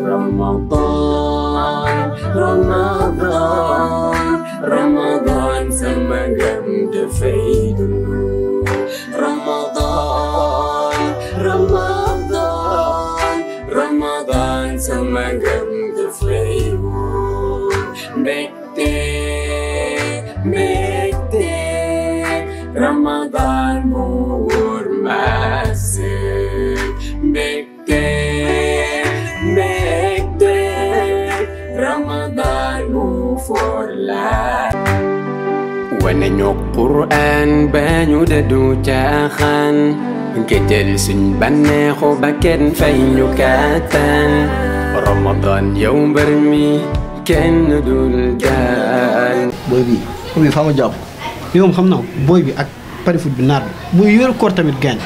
Ramadan, Ramadan, Ramadan sama ganda faidun Ramadan, Ramadan, Ramadan sama ganda faidun nañu quraan ba ñu dëddu caaxaan géjël suñ bànneexu ba kenn fay ñu kaataan ramadan yow mbër mi kenn dul daan booy bi faa ma jàpp yow xam naa booy bi ak pari foot bi naar bi muy yooru koor tamit gaañ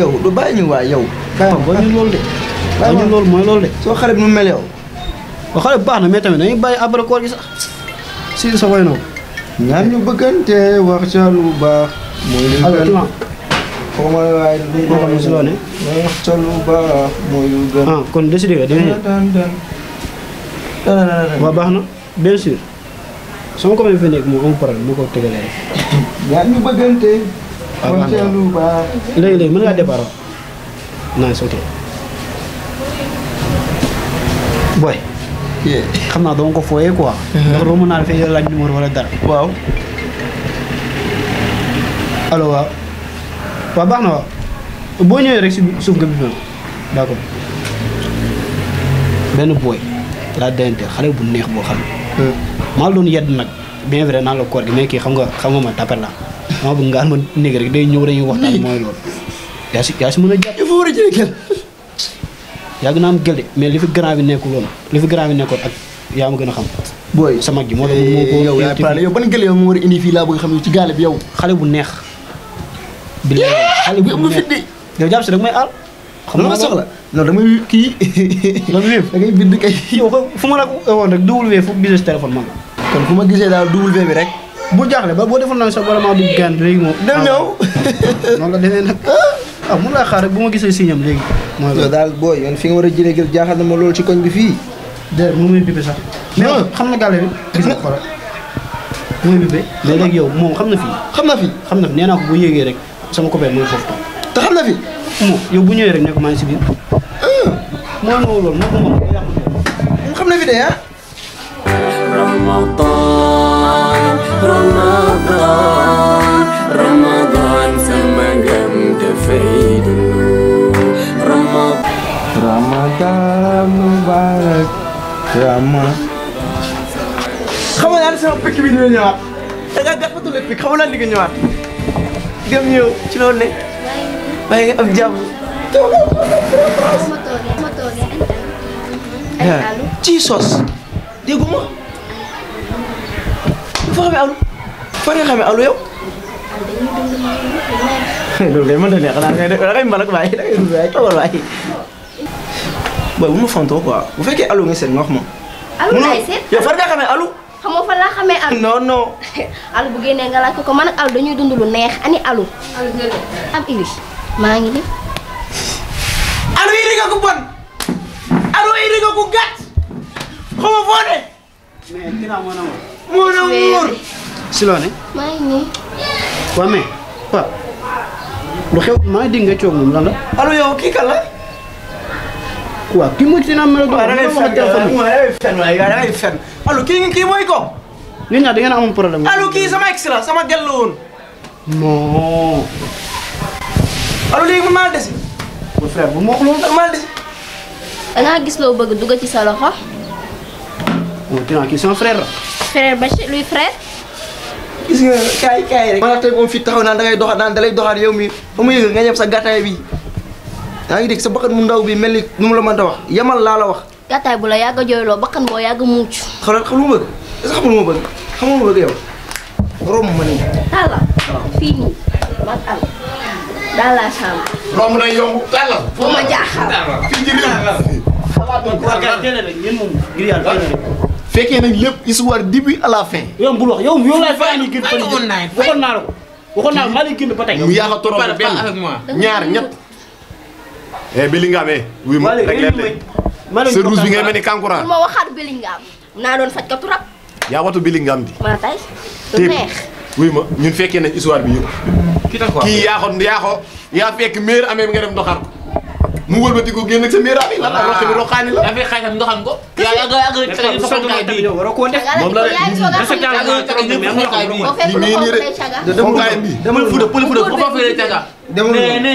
yow du bàyyi ñu waay yow ba ñu loolu de ba ñu loolu mooy loolu de soo xale bi nu mel yow xale bu baax na mais tamit dañuy bàyyi après koor gi sax si sa koy noonu ñaar ñu bëggante wax ca lu baax. mooy lu gën xaw ma waaye eh? wax ca lu baax mooy lu gën. Ah, kon décidé nga dina ñëw. waaw baax na bien sûr. sama ko may fi nekk moom amul problème mu ko tegalee rek. ñaar ah, mën ngaa départ waaw. naa sotee. booy. xam naa dama ko fooyee ko uh-huh. ndax doo mën naa dafay laaj numéro wala dara. waaw. allo waaw. baax na waaw. boo ñëwee rek si suuf nga bifal d' accord. benn booy. laa dayante bu neex boo xam ne. Uh-huh. maa doon yedd nag bien vrai naa la koor gi mais kii xam nga xam nga ma tapel maa bëgg nga ma néeg rek day ñëw dañuy waxtaan mooy loolu. yaa si yaa si mën a jàpp. il faut war a jëlee kenn. يعني نام قلي من اللي في غرامي نيكولون اللي في غرامي نيكول يا مو جنا خم بوي سمعت جي مودو مو بوي يو يا بان يو بان قلي يو موري اني في لابو خم يوتي قال بيو خلي بو نيخ بلا خلي بو نيخ يو جاب سرق ماي ال خم ما سغلا لا دم كي لا ميف لا كي بيدك يو خم فما لك يو نك دول في فو بيزنس تلفون مان كن فما جيزه دا دول في بيرك بو جاكله با بو ديفون نان سا بولا ما دي كان ري مو دل نو نون لا دينا نك amul xaar bu ma gisee signam léegi mooy loolu daal booy yoon fi nga war a jëlee ngir jaaxal na ma loolu ci koñ bi fii de mu muy bibé sax mais xam na gàlle bi gis nga xoolal mu muy bibé mais léegi yow moom xam na fii xam na fii xam na fi nee naa ko bu yéegee rek sama copain mooy foofu te xam na fi moom yow bu ñëwee rek ne ko maa ngi si biir mooy moo loolu moo ko moom xam na fi de ah ya? Ramadan Ramadan Ramadan waaw maa. xamal naa ne sama picc bi dina ñëwaat. da ngaa gàttandu lépp bi xamal naa ne di nga ñëwaat. dem ñëw ci loolu ne. waaye nga am jàmm. Ah, ci sos. déggu ma. fa xamee alu. fa nga xamee alu yow. loolu day mënta neex xanaa da ngay mbalak waaye da ngay dugg waaye toogal waaye. boy mau foto fantoo quoi vous faites alu nga ngomong. nga wax ma. alu laay seet yow far ngaa xamee alu. xamoo fan laa alu. non non. alu bu génnee nga laaj ko ko man ak alu dañuy dund lu ani alu. alu dulu. am ili maa ini alu ini nga kupon. alu ini nga ko Kamu xaw ma ini mau mais mau. mën a ini mën a ini mais waaw. lu xew mau ngi nga lan la. alu yow oke kalah quoi ki mu dina mel do ma téléphone ay fen way ay fen allo ki ki moy ko ni na allo sama ex sama gel won non allo li mu mal dess bu frère mo xol won mal dess ana lo bëgg dugg ci sa loxo on oh, dina ki son frère frère lui frère gis nga kay kay rek man tay mom fi taxaw nan da ngay doxat yow mi nga sa bi yaa ngi dégg sa bakkan mu ndaw bi mel ni nu mu la mënta wax yamal laa la wax. gàttaay bu la yàgg a jooyloo bakkan boo yàgg mucc. xalaat xam lu ma bëgg est-ce que xam lu ma bëgg xam lu ma bëgg yow romb ma nii. Talla fii nii man Talla daal laa sàmm. romb na yomb Talla. bu ma jaaxal fii ci réew. fekkee nañ lépp histoire début à la fin. yow bul wax yow yow laay fay ni gën fan waxoon naa la ko waxoon naa la maa lay gën ba tey. mu yàq trop benn ñaar ñett. eh Bellingham eh wuy ma rek leen de rouge bi ngay eh. melni kankura ma waxat bilingam na doon fajj katu rab ya watu bilingam di ma tay te wuy ma ñun fekkee na histoire bi yu ki ta quoi ki yaa ko yaa ko yaa fekk meer amé nga dem doxar ko mu wëlbati ko genn ak sa miiraat yi la roxi bi roxaani la dafay xaajam ndoxan ko yaa ga yaa yaa ko ngay di waro ko def mom la rek sa ka nga trop mais am na ko bi ni ni rek dama fuda fu fuda ko fa fere caga dama ne ne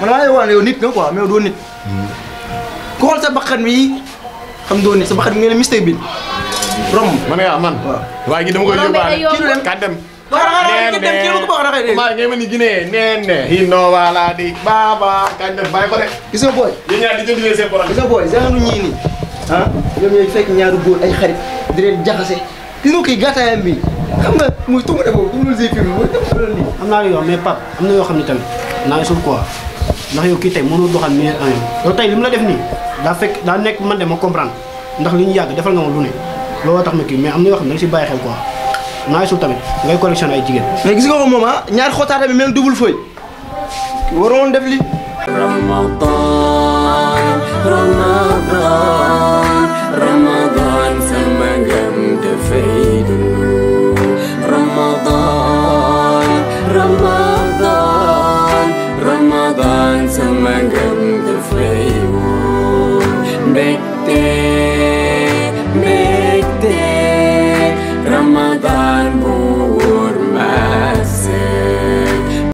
man lay wone yow nit nga quoi mais do nit ko xol sa bakkan wi xam do nit sa bakkan ngeen rom man ya man waay gi dama koy yobal ka dem maa ngi ma ni Guinée neen ne hino wala di baba kañ def bàyyi ko de gis nga di jëndee seen borom gis nga booy genre ñii nii ah ñoom ñooy fekk ada di leen jaxase gis nga kii gàttaayam bi xam nga muy tungu de boobu du mu lu si film mooy dem ko loolu nii am naa yoo mais pap am ndax yow kita tey mënoo doxal meilleur en yow tay lim la def ni da fek da nek man dem ma comprendre ndax liñu yag defal nga mo lu ne lo tax ma ki mais am na yo xam na ci baye xel quoi naay su tamit ngay collection ay jigen mais gis nga ko moma ah, ñaar xota tamit mel double feuy waron def li ramadan ramadan ramadan sama gian sao mang gầm từ phê